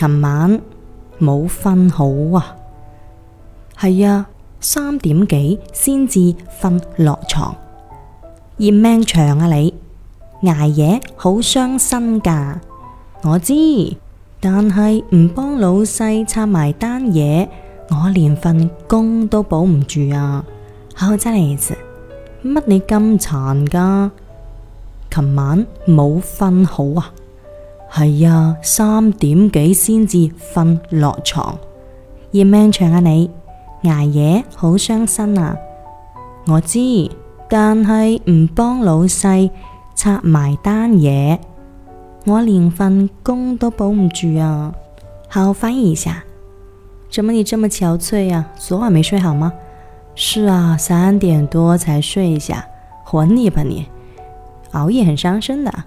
琴晚冇瞓好啊？係啊，三點幾先至瞓落床，嫌命長啊你，捱夜好傷身噶，我知，但係唔幫老細拆埋單嘢，我連份工都保唔住啊，好，真係乜你咁殘噶？琴晚冇瞓好啊。係呀，三點幾先至瞓落床，嫌命長啊你！捱夜好傷身啊！我知，但係唔幫老細拆掂單嘢，我連份工都保唔住啊！好，翻譯一下，怎麼你這麼憔悴呀、啊？昨晚沒睡好嗎？是啊，三點多才睡一下，活膩吧你？熬夜很傷身的、啊。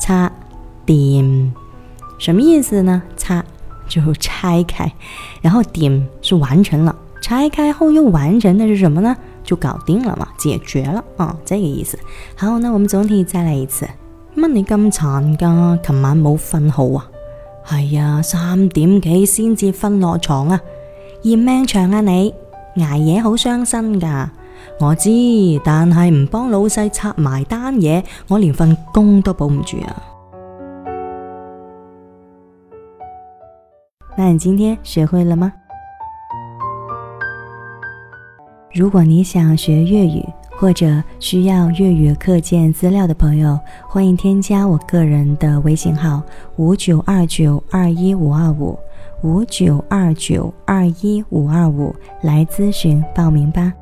拆掂什麼意思呢？拆就拆開，然後掂是完成了，拆開後又完成的是什麼呢？就搞定了嘛，解決了啊、哦，這個意思。好，那我們總體再來一次。乜你咁殘噶，琴晚冇瞓好啊？係、哎、啊，三點幾先至瞓落床啊，嫌命長啊你，捱夜好傷身噶。我知，但係唔幫老細拆掂單嘢，我連份工都保唔住啊！那你今天學會了嗎？如果你想學粵語或者需要粵語課件資料的朋友，歡迎添加我個人的微信號五九二九二一五二五五九二九二一五二五來諮詢報名吧。